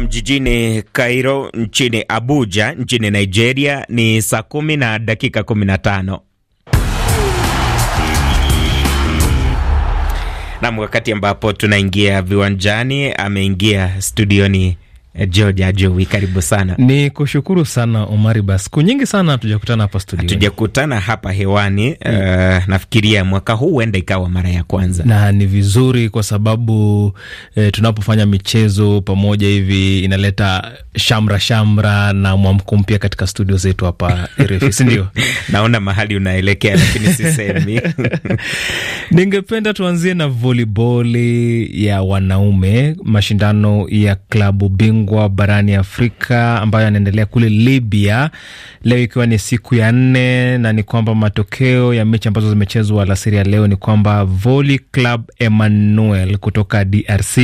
mjijini Cairo nchini Abuja nchini Nigeria ni saa kumi na dakika kumi na tano. Nam, wakati ambapo tunaingia viwanjani, ameingia studioni Eh, Georgia ah, Jowi, karibu sana. Ni kushukuru sana Omari, bas siku nyingi sana hatujakutana hapa studio, hatujakutana hapa hewani mm. Uh, nafikiria mwaka huu huenda ikawa mara ya kwanza, na ni vizuri kwa sababu eh, tunapofanya michezo pamoja hivi inaleta shamra shamra na mwamko mpya katika studio zetu hapa RFI, sindio? Naona mahali unaelekea lakini sisemi. Ningependa tuanzie na voliboli ya wanaume, mashindano ya klabu bingwa machungwa barani Afrika ambayo yanaendelea kule Libya, leo ikiwa ni siku ya nne, na ni kwamba matokeo ya mechi ambazo zimechezwa alasiri ya leo ni kwamba Voli Club Emmanuel kutoka DRC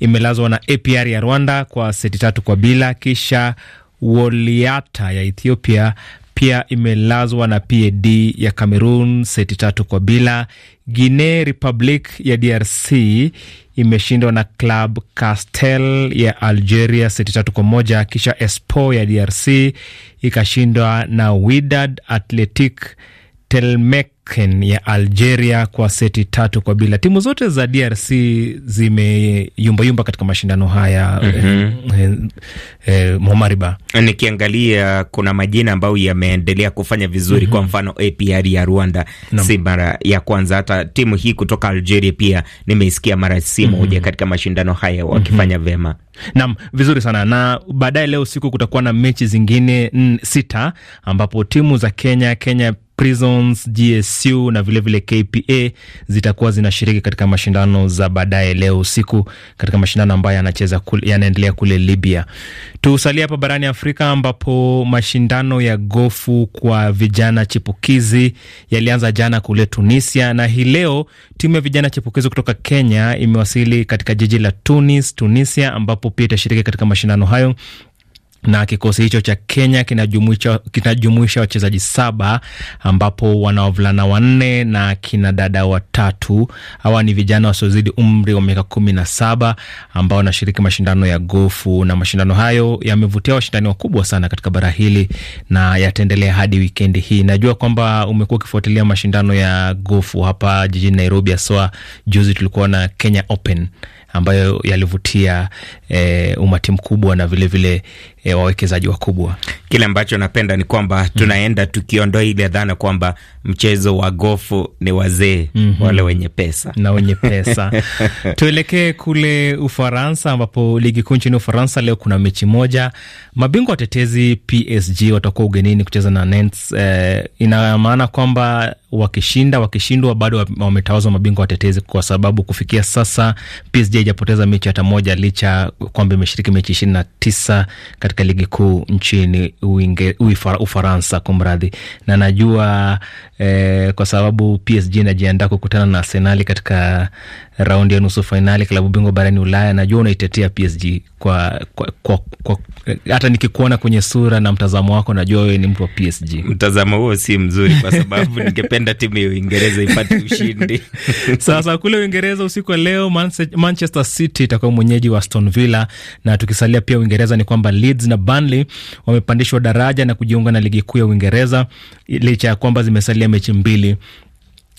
imelazwa na APR ya Rwanda kwa seti tatu kwa bila, kisha Woliata ya Ethiopia pia imelazwa na PAD ya Cameroon seti tatu kwa bila. Guinea Republic ya DRC imeshindwa na Club Castel ya Algeria seti tatu kwa moja, kisha Espo ya DRC ikashindwa na Widad Athletic Telmeken ya Algeria kwa seti tatu kwa bila. Timu zote za DRC zimeyumbayumba katika mashindano haya mm -hmm. eh, eh, eh Momariba, nikiangalia kuna majina ambayo yameendelea kufanya vizuri mm -hmm. kwa mfano APR ya Rwanda no. si mara ya kwanza, hata timu hii kutoka Algeria pia nimeisikia mara si mhm. moja mm -hmm. katika mashindano haya wakifanya mm -hmm. vyema nam vizuri sana na baadaye leo siku kutakuwa na mechi zingine sita ambapo timu za Kenya Kenya Prisons, GSU na vilevile vile KPA zitakuwa zinashiriki katika mashindano za baadaye leo usiku katika mashindano ambayo yanacheza yanaendelea kule Libya. Tusalie hapa barani Afrika ambapo mashindano ya gofu kwa vijana chipukizi yalianza jana kule Tunisia, na hii leo timu ya vijana chipukizi kutoka Kenya imewasili katika jiji la Tunis, Tunisia, ambapo pia itashiriki katika mashindano hayo na kikosi hicho cha Kenya kinajumuisha wachezaji saba ambapo wana wavulana wanne na kina dada watatu. Hawa ni vijana wasiozidi umri wa miaka kumi na saba ambao wanashiriki mashindano ya gofu, na mashindano hayo yamevutia washindani wakubwa sana katika bara hili na yataendelea hadi wikendi hii. Najua kwamba umekuwa ukifuatilia mashindano ya gofu hapa jijini Nairobi, haswa juzi tulikuwa na Kenya Open ambayo yalivutia e, umati mkubwa na vilevile vile, e, wawekezaji wakubwa. Kile ambacho napenda ni kwamba mm-hmm. tunaenda tukiondoa ile dhana kwamba mchezo wa gofu ni wazee mm -hmm. wale wenye pesa na wenye pesa tuelekee kule Ufaransa ambapo ligi kuu nchini Ufaransa leo kuna mechi moja, mabingwa watetezi PSG watakuwa ugenini kucheza na Nantes. E, ina maana kwamba wakishinda wakishindwa, bado wametawazwa mabingwa watetezi, kwa sababu kufikia sasa PSG haijapoteza mechi hata moja, licha kwamba imeshiriki mechi ishirini na tisa katika ligi kuu nchini uinge, uifara, Ufaransa kumradhi, na najua eh, kwa sababu PSG inajiandaa kukutana na Arsenali katika raundi ya nusu fainali klabu bingwa barani Ulaya. Najua unaitetea PSG kwa, kwa, kwa, kwa, eh, hata nikikuona kwenye sura na mtazamo wako najua wewe ni mtu wa PSG. Mtazamo huo si mzuri kwa sababu ningependa ningependa timu ya Uingereza ipate ushindi. Sasa kule Uingereza usiku wa leo Manchester City itakuwa mwenyeji wa Aston Villa, na tukisalia pia Uingereza ni kwamba Leeds na Burnley wamepandishwa daraja na kujiunga na ligi kuu ya Uingereza licha ya kwamba zimesalia mechi mbili.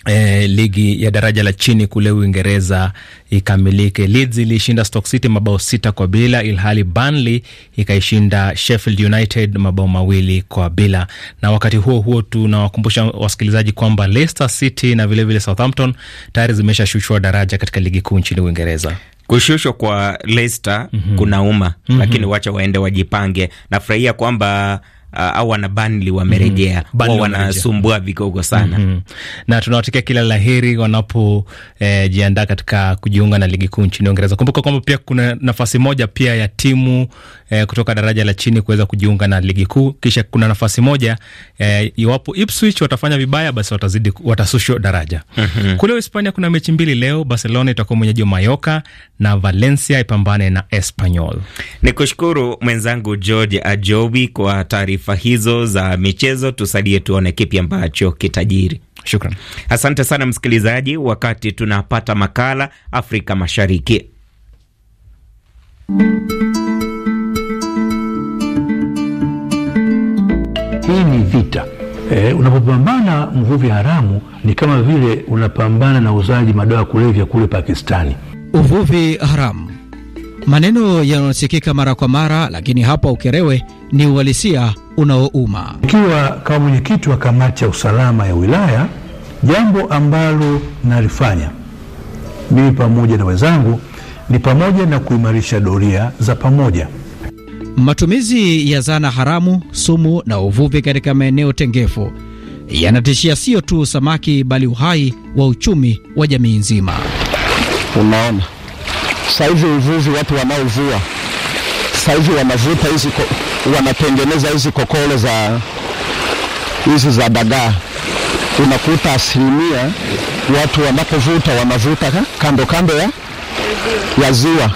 Eh, ligi ya daraja la chini kule Uingereza ikamilike. Leeds ilishinda Stoke City mabao sita kwa bila, ilhali Burnley ikaishinda Sheffield United mabao mawili kwa bila. Na wakati huo huo, tunawakumbusha wasikilizaji kwamba Leicester City na vilevile vile Southampton tayari zimeshashushwa daraja katika ligi kuu nchini Uingereza. Kushushwa kwa Leicester mm -hmm. kunauma mm -hmm. lakini wacha waende wajipange. Nafurahia kwamba uh, au wana Burnley wamerejea mm -hmm. wanasumbua vigogo sana mm -hmm. na tunawatakia kila laheri wanapojiandaa eh, katika kujiunga na ligi kuu nchini Uingereza. Kumbuka kwamba pia kuna nafasi moja pia ya timu eh, kutoka daraja la chini kuweza kujiunga na ligi kuu. Kisha kuna nafasi moja eh, iwapo Ipswich watafanya vibaya, basi watazidi watasusho daraja. mm -hmm. Kule Hispania kuna mechi mbili leo, Barcelona itakuwa mwenyeji wa Mayoka na Valencia ipambane na Espanyol. Ni kushukuru mwenzangu George Ajowi kwa taarifa hizo za michezo. Tusalie tuone kipi ambacho kitajiri. Shukran, asante sana msikilizaji. Wakati tunapata makala Afrika Mashariki Hii ni vita. e, unapopambana mvuvi haramu ni kama vile unapambana na uzaji madawa ya kulevya kule Pakistani. Uvuvi haramu, maneno yanayosikika mara kwa mara, lakini hapa Ukerewe ni uhalisia unaouma. Ikiwa kama mwenyekiti wa kamati ya usalama ya wilaya, jambo ambalo nalifanya mimi pamoja na wenzangu ni pamoja na kuimarisha doria za pamoja. Matumizi ya zana haramu, sumu na uvuvi katika maeneo tengefu yanatishia sio tu samaki bali uhai wa uchumi wa jamii nzima. Unaona sahizi uvuvi, watu wanaovua sahizi wanavuta hizi, wanatengeneza hizi kokole za hizi za dagaa. Unakuta asilimia watu wanapovuta wanavuta kando kando ya, ya ziwa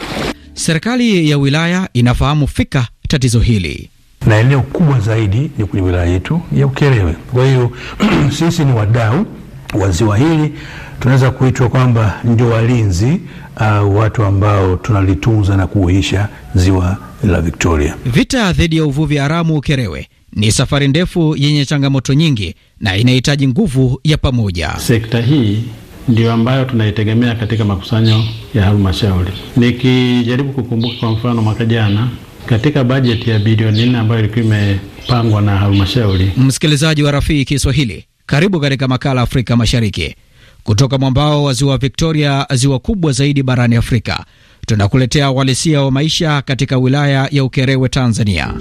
Serikali ya wilaya inafahamu fika tatizo hili na eneo kubwa zaidi ni kwenye wilaya yetu ya Ukerewe. Kwa hiyo sisi ni wadau wa ziwa hili, tunaweza kuitwa kwamba ndio walinzi au uh, watu ambao tunalitunza na kuuisha ziwa la Victoria. Vita dhidi ya uvuvi haramu Ukerewe ni safari ndefu yenye changamoto nyingi na inahitaji nguvu ya pamoja. Sekta hii ndio ambayo tunaitegemea katika makusanyo ya halmashauri. Nikijaribu kukumbuka, kwa mfano mwaka jana katika bajeti ya bilioni nne ambayo ilikuwa imepangwa na halmashauri. Msikilizaji wa Rafii Kiswahili, karibu katika makala Afrika Mashariki. Kutoka mwambao wa ziwa Victoria, ziwa kubwa zaidi barani Afrika, tunakuletea uhalisia wa maisha katika wilaya ya Ukerewe, Tanzania.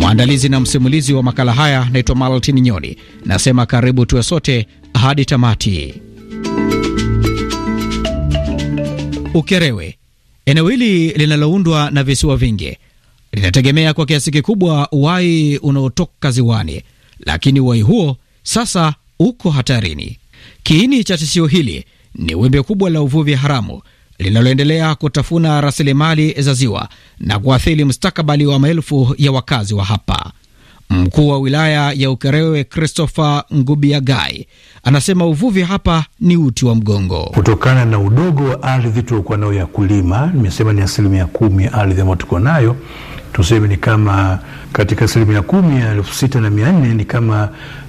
Mwandalizi na msimulizi wa makala haya naitwa Maltini Nyoni, nasema karibu tuwe sote hadi tamati. Ukerewe, eneo hili linaloundwa na visiwa vingi linategemea kwa kiasi kikubwa uwai unaotoka ziwani, lakini uwai huo sasa uko hatarini. Kiini cha tishio hili ni wimbi kubwa la uvuvi haramu linaloendelea kutafuna rasilimali za ziwa na kuathiri mustakabali wa maelfu ya wakazi wa hapa. Mkuu wa wilaya ya Ukerewe Christopher Ngubiagai anasema uvuvi hapa ni uti wa mgongo, kutokana na udogo wa ardhi tuliokuwa nayo ya kulima. Nimesema ni asilimia kumi ya ardhi ambayo tuko nayo, tuseme ni kama katika asilimia kumi ya elfu sita na mia nne ni kama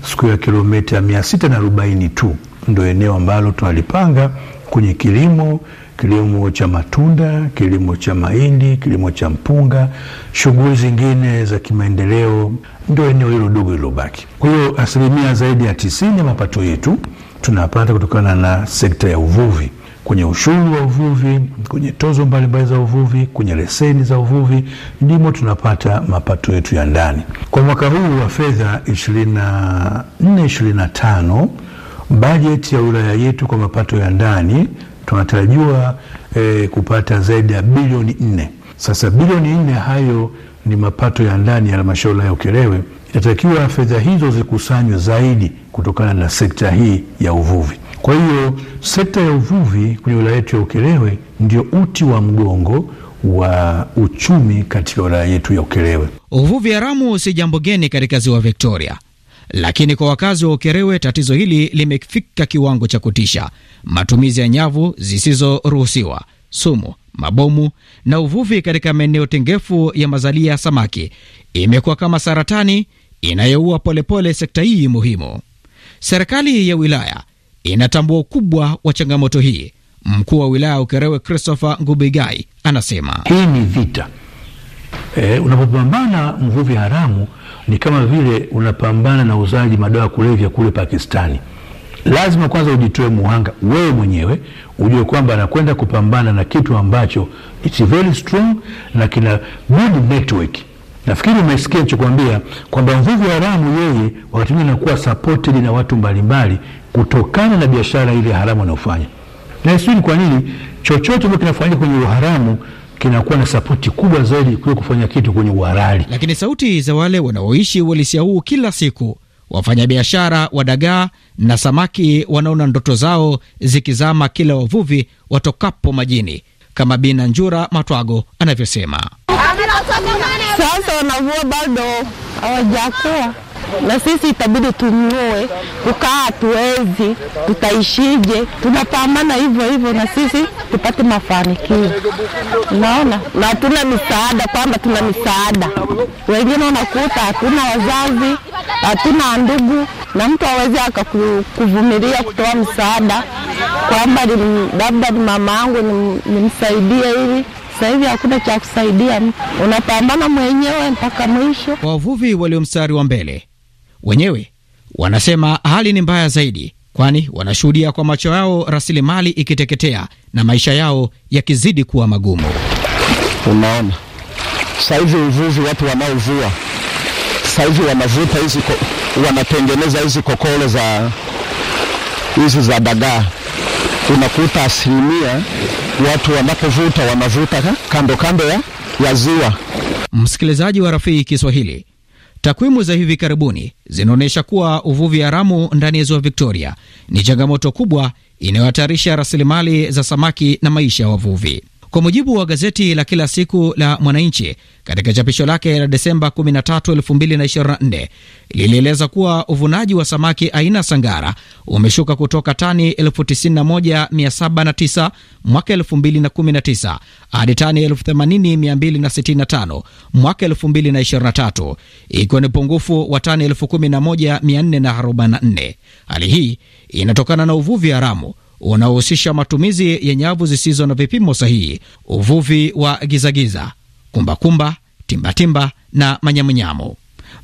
siku ya kilometa mia sita na arobaini tu ndo eneo ambalo tunalipanga kwenye kilimo, kilimo cha matunda, kilimo cha mahindi, kilimo cha mpunga, shughuli zingine za kimaendeleo, ndio eneo hilo dogo lilobaki. Kwa hiyo asilimia zaidi ya tisini ya mapato yetu tunapata kutokana na sekta ya uvuvi, kwenye ushuru wa uvuvi, kwenye tozo mbalimbali za uvuvi, kwenye leseni za uvuvi, ndimo tunapata mapato yetu ya ndani. Kwa mwaka huu wa fedha 24 25 Bajeti ya wilaya yetu kwa mapato ya ndani tunatarajiwa e, kupata zaidi ya bilioni nne. Sasa bilioni nne hayo ni mapato ya ndani ya halmashauri ya Ukerewe. Inatakiwa fedha hizo zikusanywe zaidi kutokana na sekta hii ya uvuvi. Kwa hiyo sekta ya uvuvi kwenye wilaya yetu ya Ukerewe ndio uti wa mgongo wa uchumi katika wilaya yetu ya Ukerewe. Uvuvi haramu si jambo geni katika ziwa Victoria. Lakini kwa wakazi wa Ukerewe tatizo hili limefika kiwango cha kutisha. Matumizi ya nyavu zisizoruhusiwa, sumu, mabomu na uvuvi katika maeneo tengefu ya mazalia ya samaki imekuwa kama saratani inayoua polepole sekta hii muhimu. Serikali ya wilaya inatambua ukubwa wa changamoto hii. Mkuu wa wilaya Ukerewe Christopher Ngubigai anasema hii ni vita. E, unapopambana mvuvi haramu ni kama vile unapambana na uzaji madawa kulevya kule Pakistani. Lazima kwanza ujitoe muhanga wewe mwenyewe, ujue kwamba anakwenda kupambana na kitu ambacho it's very strong na kina good network. Nafikiri umesikia nilichokwambia kwamba mvuvi haramu yeye wakati mwingine anakuwa supported na watu mbalimbali kutokana na biashara ile haramu anayofanya, na sijui ni kwa nini chochote ambacho kinafanyika kwenye uharamu kinakuwa na sapoti kubwa zaidi kuliko kufanya kitu kwenye uharali. Lakini sauti za wale wanaoishi uhalisia huu kila siku, wafanyabiashara wa dagaa na samaki, wanaona ndoto zao zikizama kila wavuvi watokapo majini, kama Bina Njura Matwago anavyosema. Sasa wanavua bado hawajakuwa na sisi itabidi tununue. Kukaa hatuwezi, tutaishije? Tunapambana hivyo hivyo na sisi tupate mafanikio. naona na hatuna misaada, kwamba tuna misaada. Wengine unakuta hatuna wazazi, hatuna ndugu, na mtu awezi akakuvumilia kutoa msaada kwamba labda ni mama yangu nimsaidie hivi sahivi hivi hakuna cha kusaidia, unapambana mwenyewe mpaka mwisho. Wavuvi walio mstari wa mbele Wenyewe wanasema hali ni mbaya zaidi, kwani wanashuhudia kwa macho yao rasilimali ikiteketea na maisha yao yakizidi kuwa magumu. Unaona sahizi uvuvi, watu wanaovua sahizi wanavuta hizi, wanatengeneza hizi kokole za hizi za dagaa unakuta asilimia watu wanapovuta wanavuta kando kando ya, ya ziwa. Msikilizaji wa rafiki Kiswahili, Takwimu za hivi karibuni zinaonyesha kuwa uvuvi haramu ndani ya ziwa Victoria ni changamoto kubwa inayohatarisha rasilimali za samaki na maisha ya wavuvi. Kwa mujibu wa gazeti la kila siku la Mwananchi katika chapisho lake la Desemba 13, 2024 lilieleza kuwa uvunaji wa samaki aina sangara umeshuka kutoka tani 91709 mwaka 2019 hadi tani 80265 mwaka 2023, ikiwa ni pungufu wa tani 11444. Hali hii inatokana na uvuvi haramu unaohusisha matumizi ya nyavu zisizo na vipimo sahihi, uvuvi wa gizagiza, kumbakumba, timbatimba na manyamunyamu.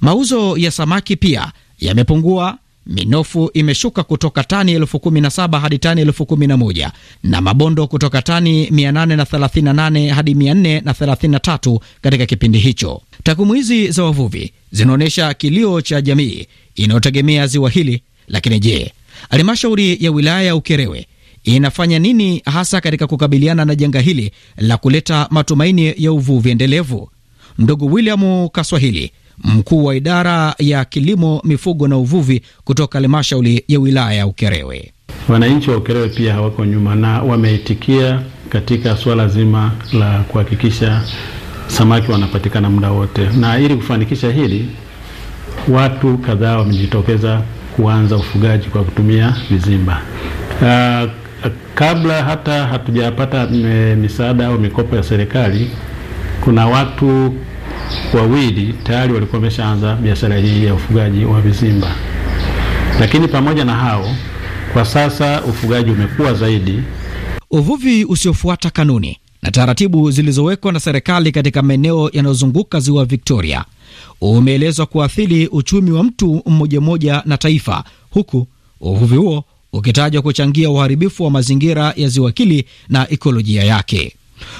Mauzo ya samaki pia yamepungua. Minofu imeshuka kutoka tani elfu kumi na saba hadi tani elfu kumi na moja na mabondo kutoka tani 838 hadi 433 katika kipindi hicho. Takwimu hizi za wavuvi zinaonyesha kilio cha jamii inayotegemea ziwa hili, lakini je, Halmashauri ya wilaya ya Ukerewe inafanya nini hasa katika kukabiliana na janga hili la kuleta matumaini ya uvuvi endelevu? Ndugu William Kaswahili, mkuu wa idara ya kilimo, mifugo na uvuvi kutoka halmashauri ya wilaya ya Ukerewe. Wananchi wa Ukerewe pia hawako nyuma na wameitikia katika suala zima la kuhakikisha samaki wanapatikana muda wote, na ili kufanikisha hili watu kadhaa wamejitokeza kuanza ufugaji kwa kutumia vizimba. Uh, ah, kabla hata hatujapata eh, misaada au mikopo ya serikali, kuna watu wawili tayari walikuwa wameshaanza biashara hii ya ufugaji wa vizimba. Lakini pamoja na hao, kwa sasa ufugaji umekuwa zaidi. Uvuvi usiofuata kanuni na taratibu zilizowekwa na serikali katika maeneo yanayozunguka ziwa Victoria umeelezwa kuathiri uchumi wa mtu mmoja mmoja na taifa, huku uvuvi huo ukitajwa kuchangia uharibifu wa mazingira ya ziwa kili na ikolojia yake.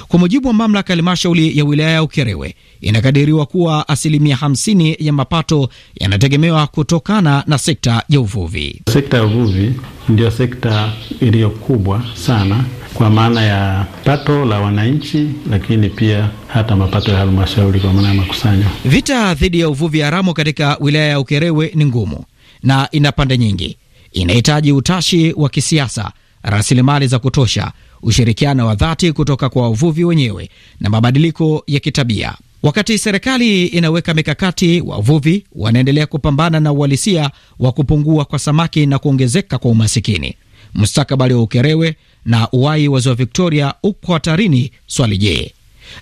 Kwa mujibu wa mamlaka ya halmashauri ya wilaya ya Ukerewe, inakadiriwa kuwa asilimia 50 ya mapato yanategemewa kutokana na sekta ya uvuvi. Sekta ya uvuvi ndiyo sekta iliyokubwa sana kwa maana ya pato la wananchi, lakini pia hata mapato ya halmashauri kwa maana ya makusanyo. Vita dhidi ya uvuvi haramu katika wilaya ya Ukerewe ni ngumu na ina pande nyingi. Inahitaji utashi wa kisiasa, rasilimali za kutosha, ushirikiano wa dhati kutoka kwa wavuvi wenyewe na mabadiliko ya kitabia. Wakati serikali inaweka mikakati, wavuvi wanaendelea kupambana na uhalisia wa kupungua kwa samaki na kuongezeka kwa umasikini. Mustakabali wa Ukerewe na uwai wa ziwa Victoria uko hatarini. Swali je,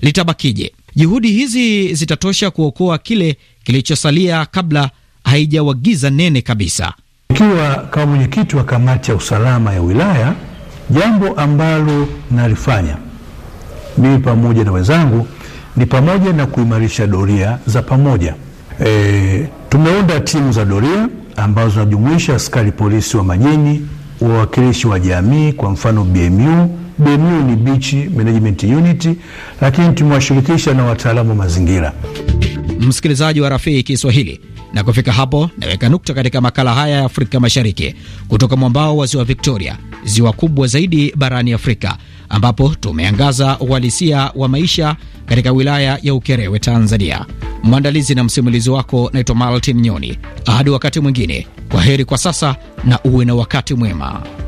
litabakije? Juhudi hizi zitatosha kuokoa kile kilichosalia kabla haijawagiza nene kabisa? Ikiwa kama mwenyekiti wa kamati ya usalama ya wilaya, jambo ambalo nalifanya mimi pamoja na wenzangu ni pamoja na kuimarisha doria za pamoja. E, tumeunda timu za doria ambazo zinajumuisha askari polisi wa majini wawakilishi wa jamii, kwa mfano BMU. BMU ni Beach Management Unit, lakini tumewashirikisha na wataalamu wa mazingira. Msikilizaji wa Rafiki Kiswahili, na kufika hapo naweka nukta katika makala haya ya Afrika Mashariki kutoka mwambao wa ziwa Victoria, ziwa kubwa zaidi barani Afrika, ambapo tumeangaza uhalisia wa maisha katika wilaya ya Ukerewe, Tanzania. Mwandalizi na msimulizi wako naitwa maltin nyoni Hadi wakati mwingine, kwa heri kwa sasa na uwe na wakati mwema.